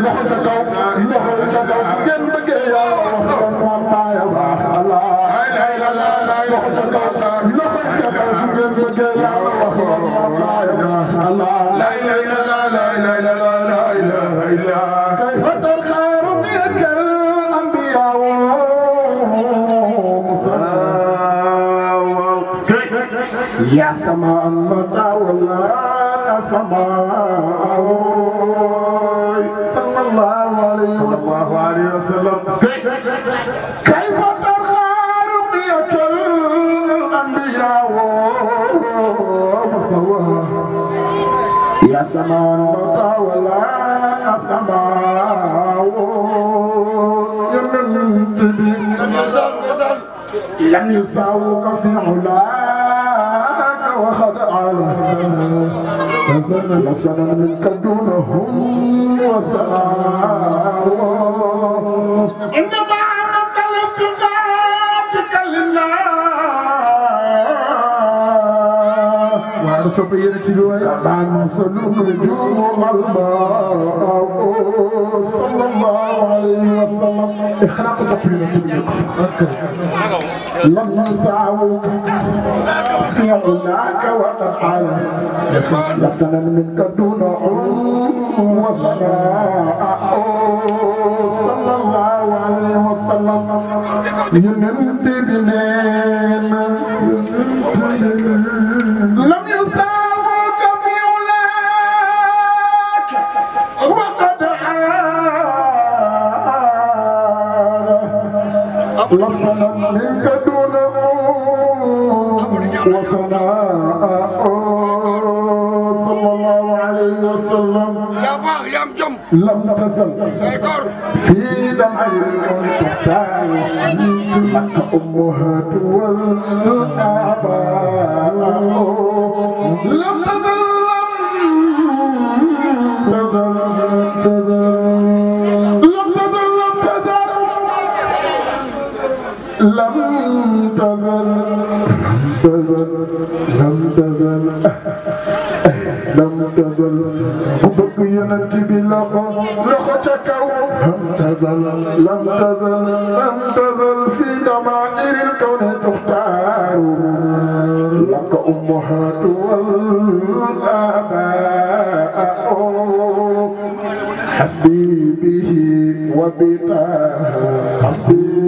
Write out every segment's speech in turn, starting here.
Let's go. السماء المتى والآن سماء صلى الله عليه وسلم صلى الله عليه وسلم كيف ترخى رقية الأنبياء مصطفى يا سماء المتى والآن سماء يا من لم يساوك في علاه وخدع لنا حسنا منك دونهم وسلام إنما أنا سلف ذاتك لله وأرسل بيرتي ويعلم سلوك نجوم الله sallallahu alayhi wa sallam اخرق سبيل تلك لم يساووك في علاك وقد حال لسنا منك دون علم وصلاء صلى الله عليه وسلم ينمت بنين وصلا منك دونه صلى الله عليه وسلم لم تزل في دمع والاباء لم تزل لم تزل لم تزل لم تزل لم تزل بك ينتي بلقى لخ تكو لم تزل لم تزل لم تزل في دمائر الكون تختار لك أمهات والآباء حسبي به وبطاها حسبي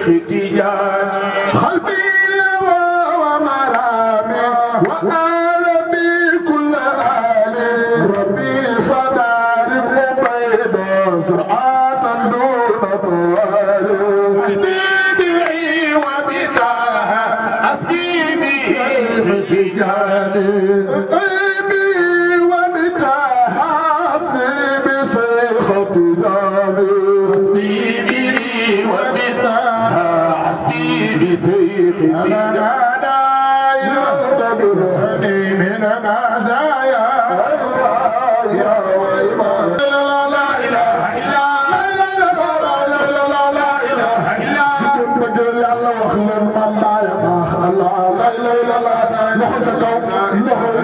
Khadija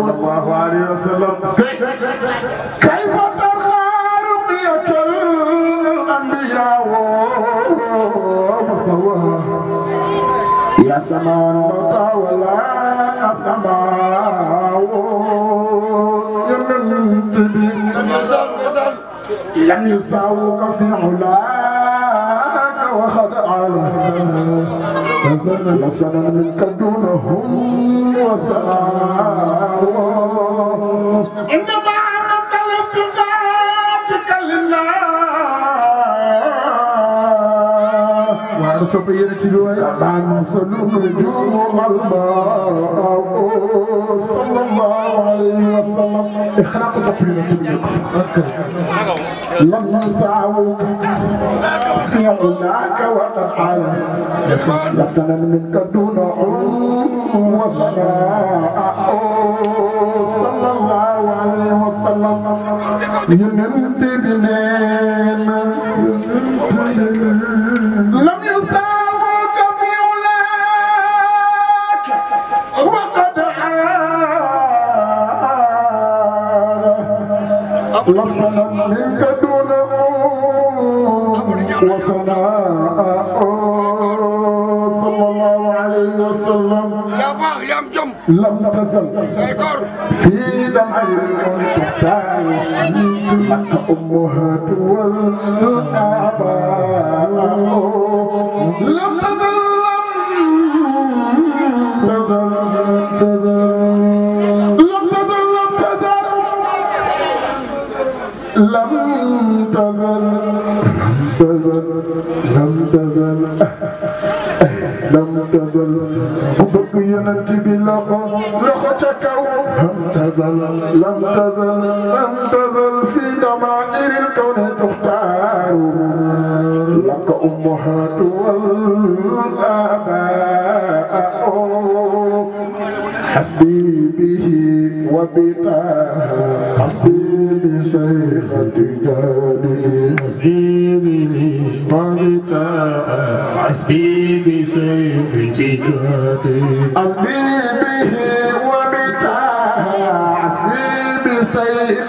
صلى الله عليه وسلم كيف ترخى رقية الأنبياء مصطفى يا سماء بقى ولا سماء لم يساوك في علاك وخد على حسنا حسنا منك دونهم وسلام إنما أنا سلف ذاتك لله وأرسل بيتي ويعلم سلوك نجوم الله صلى الله عليه وسلم اخرق سبيل تبنك لم يسعوك في علاك وقد حال لسنا منك دون علم وصناء صلى الله عليه وسلم ينمت بنين لم يسعوك Listen, I'm وصلى صلى الله عليه وسلم لم تزل في دمع تحتال حق أمهات والآباء لم تزل tazal ku bëgg yonent bi loxo loxo ca kaw lam tazal lam tazal lam tazal fi damaa'ir al kawni tuxtaaru laka ummahaatu wal abaa'u حسبي به وبطاها حسبي بصيحة جاني حسبي به وبطاها حسبي بسيف تجاري حسبي به وبتاه حسبي بسيف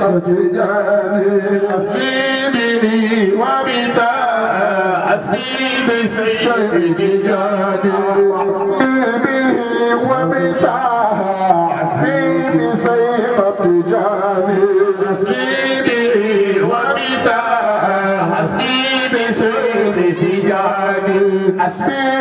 تجاري حسبي Espírito.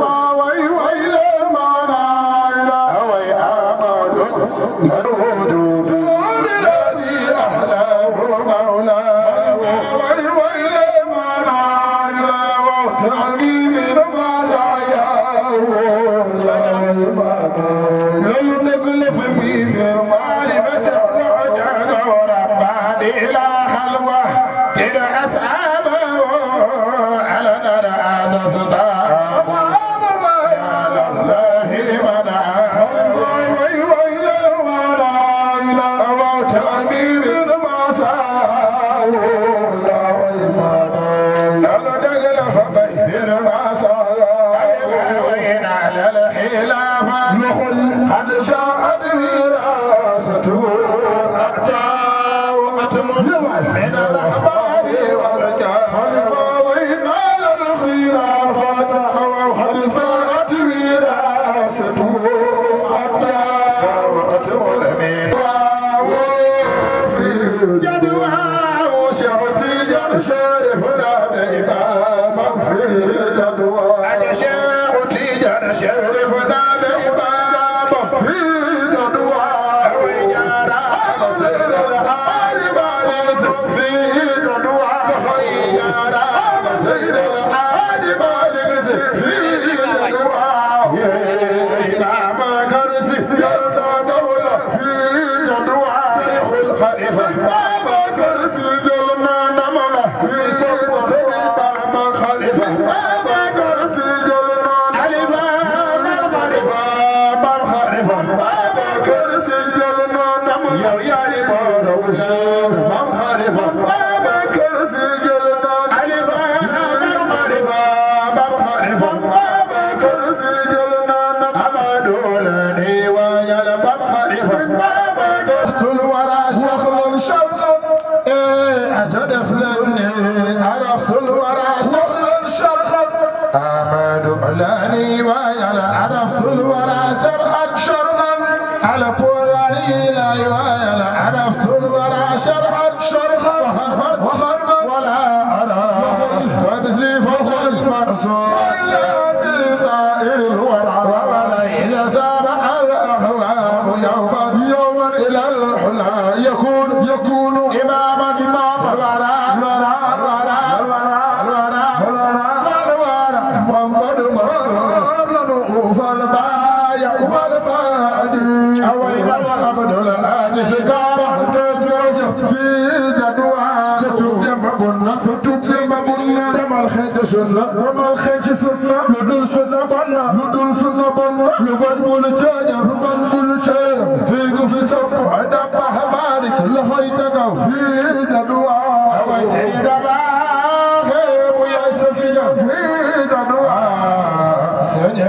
Baba. What's my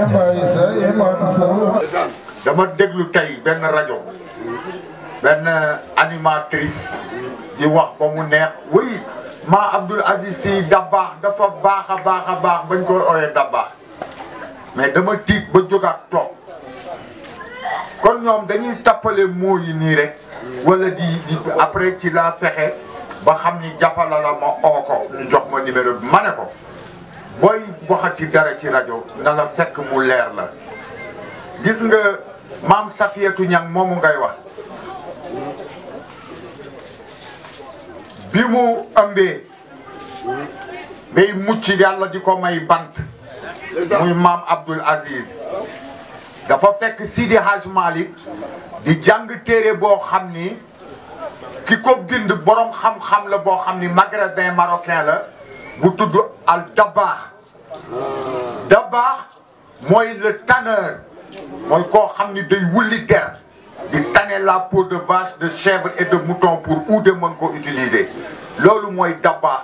bay sa dama déglu tey benn rajo benn animatrice di wax ba mu neex oui ma Abdoul Aziz Sy Dabakh dafa baax a baax a baax bañ koy ooyee Dabakh mais dama tiit ba jógaat toog kon ñoom dañuy tappale moo yi nii rek wala di après ci laa fexe ba xam ni jafala la ma oo ko ñu jox ma numéro bi ma ne ko booy goxati dara ci rajo na la fekk mu leer la gis nga maam Safiyatu Ñang moomu ngay wax bi mu ëmbee bay mucc yàlla di ko may bant muy maam Abdul Aziz dafa fekk Sidi Haj Malik di jàng téere boo xam ni ki ko bind boroom xam-xam la boo xam ni maghrébin marocain la bu tudd al dabaax dabaax moy le tanneur moy ko xamni ni day wulli der di tane la peau de vache de chèvre et de mouton pour uude mën ko utiliser lolou moy dabaax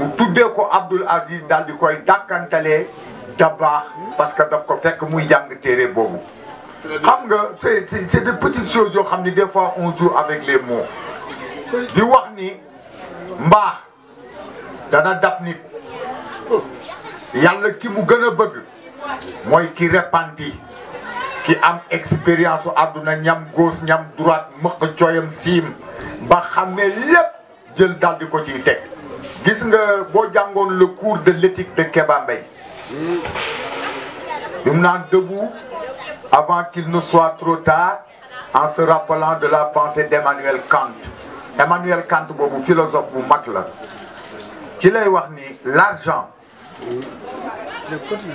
mu tuddee ko Abdul Aziz dal di koy dàkkantalee dabaax parce que daf ko fekk muy jang téere bobu xam nga c'est c'est des petites choses yo xamni des fois on joue avec les mots di wax ni mbaax dana dab nit yàlla ki mu gën a bëgg mooy ki repenti ki am expérience su àdduna ñam gauche ñam droite mëq cooyam siim ba xamee lépp jël dal ko ciy teg gis nga boo jàngoon le cours de l'éthique de Kéba Mbaye bi mu naan debout avant qu'il ne soit trop tard en rappelant de la pensée d'Emmanuel Kant Emmanuel Kant boobu philosophe bu mag la ci lay wax ni l'argent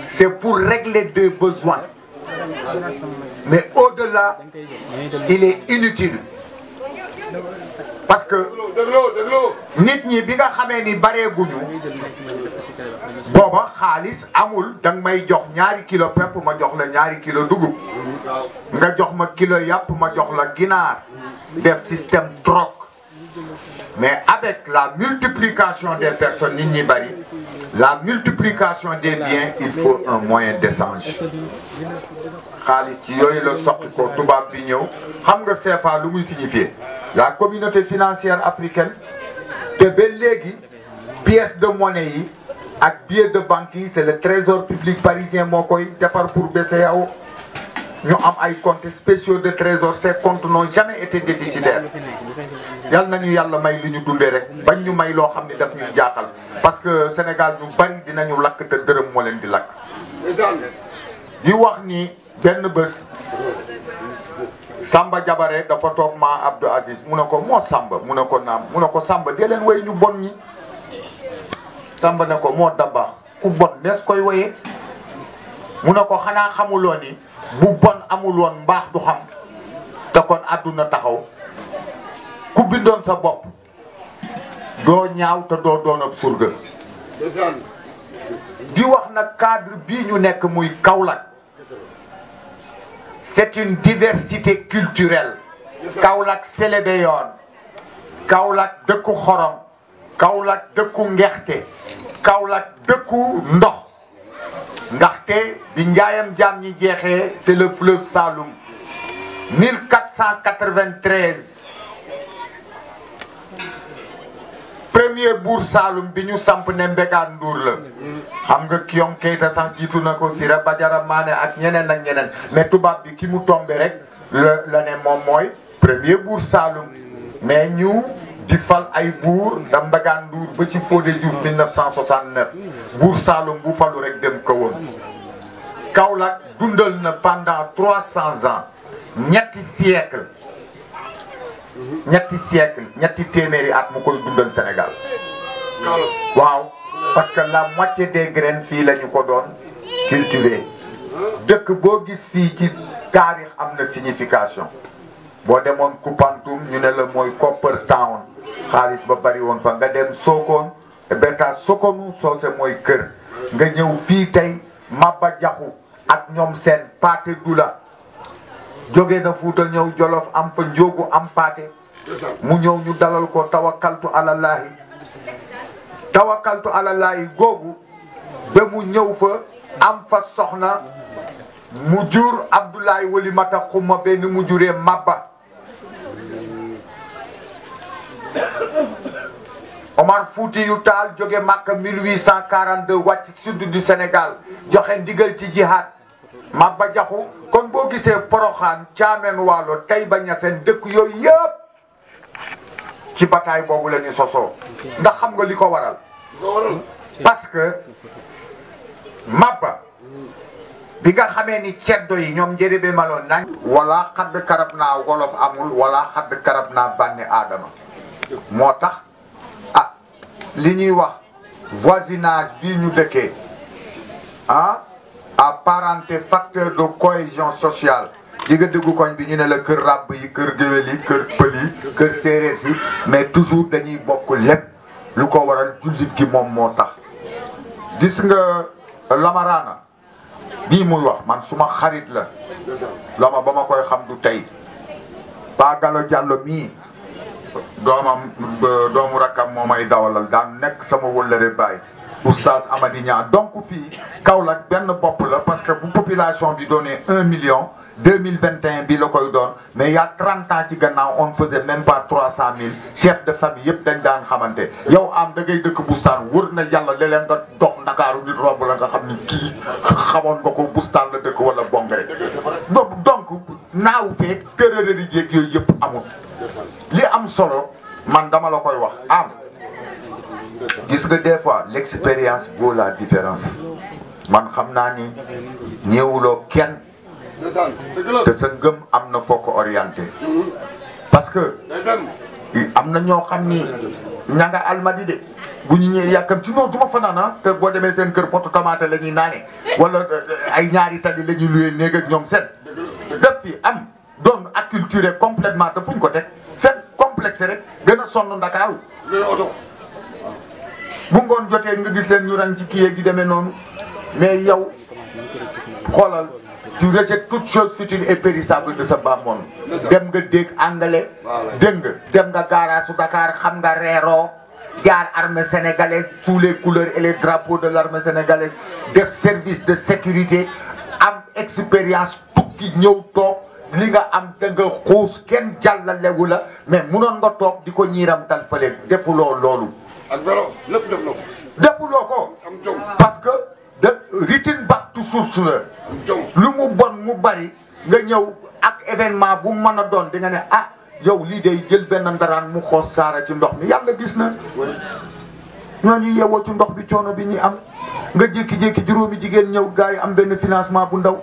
c'est pour régler des besoins mais au-delà il est inutile parce que nit ni bi nga xamee ni guñu boba khalis amul dang may jox ñaari kilo pepp ma jox la ñaari kilo dugub nga jox ma kilo yàpp ma jox la ginar def système troc mais avec la multiplication des personnes, la multiplication des biens, il faut un moyen d'échange. La communauté financière africaine, pièce de monnaie, et billets de banque, c'est le trésor public parisien pour BCAO. E ñu am ay comptes spéciaux de trésor ces comptes n'ont jamais été déficitaire. yal nañu yàlla may li ñu dundee rek bañ ñu may loo xam ne daf ñuy jaaxal parce que Sénégal ñu bañ dinañu lakk te dërëm moo leen di lakk. di wax ni benn bés Samba Jabare dafa toog ma Abdou Aziz mu ne ko moo Samba mu ne ko naam mu ne ko Samba dee leen ñu bon ñi Samba ne ko moo dabaax ku bon nees koy woyee. mu ne ko xanaa xamuloon ni bu bon amul woon mbaax du xam te kon àdduna taxaw ku bindoon sa bopp doo ñaaw te doo doon ab di wax nag cadre bii ñu nekk muy Kaolack setune une diversité culturelle Kaolack selebe yoon dëkku xorom Kaolack dëkku ngexte Kaolack dëkku ndox ndaxte bi Diam ni ñi c'est le fleuve Saloum 1493 premier bourse Saloum bi ñu samp ne Mbégaan Ndour la xam nga Kiong Keita sax jitu na ko Siré Badiara Mané ak ñeneen ak mais bi ki mu rek la premier bourse Saloum mais ñu di fal ay buur da Mbagaan ba ci Fodé Diouf 1969 buur Saalum bu falu rek dem ko woon dundal na pendant 300 ans ñetti siècle ñetti ñetti téeméeri at mu koy dundal Sénégal waaw parce que la moitié des graines fii lañu ko doon cultiver dëkk boo gis fii ci taarix am na signification boo demoon Koupantoum ñu ne la mooy Copper Town xaalis ba bari woon fa nga dem Sokone beta Sokonu soose mooy kër nga ñëw fii tey Maba Jaxu ak ñoom seen paate du la jóge na Fuuta ñëw Jolof am fa njóogu am paate mu ñëw ñu dalal ko tawakaltu alallaahi tawakaltu alallaahi googu ba mu ñëw fa am fa soxna mu jur Abdoulaye Wali Mata xuma benn mu juree Maba Omar Fouti yu taal jóge Makka 1842 wàcc sud du Sénégal joxe ndigal ci jihad Maba Jaxu kon boo gisee Poroxaan Caameen Waalo Tayba Ñaseen dëkk yooyu yëpp ci bataay boobu la ñu ndax xam nga li waral parce que Maba bi nga xamee ni yi nañ wala xadd karab na wolof amul wala xadd karab na bànni aadama motax ah, voisinage bi ñu ah apparenté facteur de cohésion sociale Je koñ bi ñu ne la kër ràbb yi kër géwél kër pël kër sérès yi mais toujours dañuy bokku lépp lu ko waral gi mom suis gis nga euh, lamarana Je muy wax man suma xarit la lama bama koy xam du tay doomam euh, doomu rakam momay may dawalal daan nekk sama wëllëre bay oustaz Amady Niang donc fii Kaolack ben bop la parce que bu population bi donné 1 million 2021 bi lokoy koy mais il y' a 30 ans ci gannaaw on faisait même pas trois cent mille chef de famille yep dañ dan xamanté yow am da ngay dëkk bustaan wër na yàlla léeg-léeg nga dox ndakaaru nit rob la nga xam ki kii xamoon nga ko bustaan la dëkk wala bongre donc naaw fee kërërëri jéeg yooyu yëpp amul li am solo man dama la koy wax am parce que des fois l'expérience vaut la différence man xamna ni ñewulo kenn te sa am na orienté parce que am na ñoo xam ni de bu ñu ci ah. te bo tomate wala euh, euh, ay ñaari ak def fi am doon acculturé complètement de fuñ complexe rek gëna sonu dakar Ndakaaru loolu bu ngoon joté nga gis leen ñu rang ci kiyé gi démé non mais yow xolal tu rejettes toute chose futile et périssable de sa bàmmoon dem nga dégg anglais dégg dem nga garage gaaraasu Dakar xam nga réro jaar armée sénégalaise tous les couleurs et les drapeaux de l'armée sénégalaise def service de sécurité am expérience tukki ñew tok li nga am da nga xuus kenn jàllalewu la mais munoon nga toog di ko ñiiram dal fële defuloo loolu. ak vélo lépp def na ko. ko. am jom parce que de routine back to source la. lu mu bon mu bari nga ñëw ak événement bu mu mën a doon danga ne ah yow lii day jël benn ndaraan mu xoos saara ci ndox mi yàlla gis na. ñu yeewoo ci ndox bi coono bi ñuy am nga jékki-jékki juróomi jigéen ñëw gars yi am benn financement bu ndaw.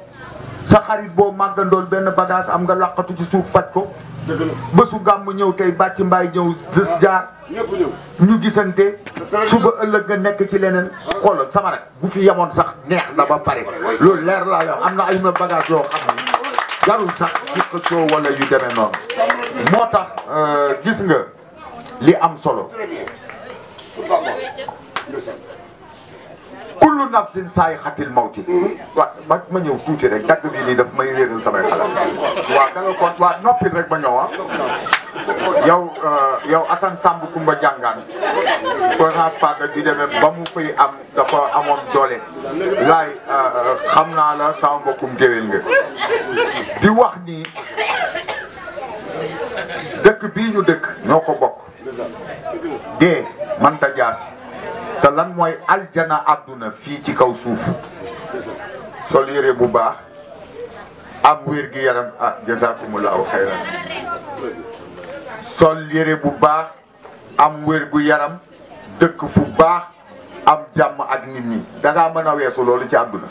sa xarit boo màggandool benn bagage am nga làqatu ci suuf faj ko bésu gàmm ñëw tey bàcc mbaay ñëw gës jaar ñu gisante suba ëllëg nga nekk ci leneen xoolal sama rek bu fi yemoon sax neex na ba pare loolu leer laa yoo am na ay na bagage yoo xam ne jarul sax ci xëccoo wala yu demee noonu moo tax euh, gis nga li am solo kullu nafsin saay xatil mawti waaw ma ma ñëw tuuti rek dagg bi lii daf may réeral samay xalaat waaw da ko waaw noppil rek ma ñëw ah yow euh, yow Assane Samb Kumba jàngaan kona paga bi demee ba mu fay am dafa amoon doole laay euh, xam naa la sama géwél nga di wax ni dëkk bii ñu dëkk ñoo ko bokk dee man ta lan mooy aljana àdduna fii ci kaw suuf sol yére bu baax am wér gi yaram ah yére bu baax am wér gu yaram dëkk fu baax am jàmm ak nit ñi dangaa mën a weesu loolu ci àdduna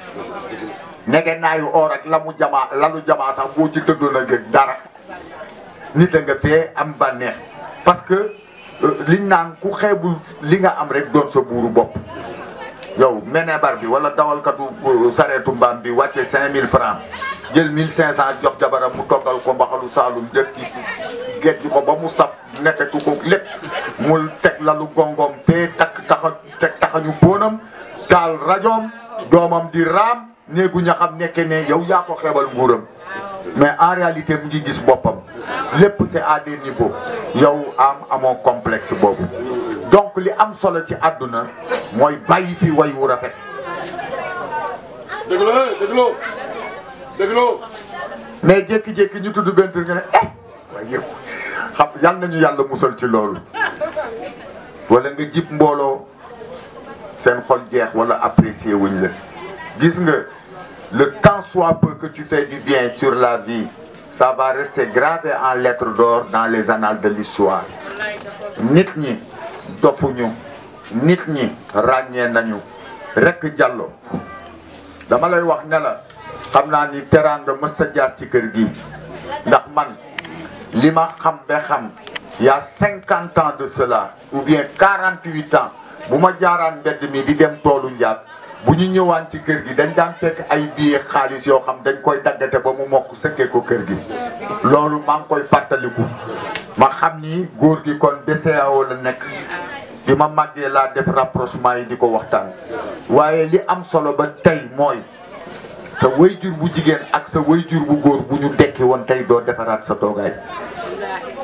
nege naayu or lalu jamaa sax boo ci tëddoon a gën dara nit a nga fee am bànneex parce que liñ naan ku xeebu li nga am rek doon sa buuru bopp yow bar bi wala dawalkatu euh, sareetu mbaam bi wàcce 5000 francs jël 1500 jox jabaram mu toggal ko mbaxalu saalum def ci gejj ko ba mu saf nekkatu ko lépp mu teg lalu gongoom fee takk taxa teg taxañu rajoom doomam di raam néegu ñaxam nekke ne yow yaa ko xeebal nguuram mais en réalité mu ngi gis bopam les c'est à des niveaux yow am un complexe Donc, donc li am solo ci aduna moy ne fi way wu rafet. dégloo dégloo dégloo mais ñu tuddu les nga eh xam yal nañu yalla musal ci wala nga jip xol jeex wala apprécier wuñ la le temps soit peu que tu fais du bien sur la vie, ça va rester gravé en lettres d'or dans les annales de l'histoire. nit ni dofuñu nit ni ragné nañu rek jàllo dama lay wax que la ni de mësta jaas ci kër gi ndax man lima xam be xam y a 50 ans de cela ou bien 48 ans vous ma en train mi di dem tolu bu ñu ñëwaan ci kër gi dañ daan fekk ay billet xaalis yoo xam dañ koy daggate ba mu mokk sëkkee ko kër gi loolu maa ngi koy fàttaliku ma xam ni góor gi kon DCAO la nekk bi ma màggee laa def rapprochement yi di ko waxtaan waaye li am solo ba tey mooy sa wayjur bu jigéen ak sa wayjur bu góor bu ñu dekki woon tey doo defaraat sa toogaay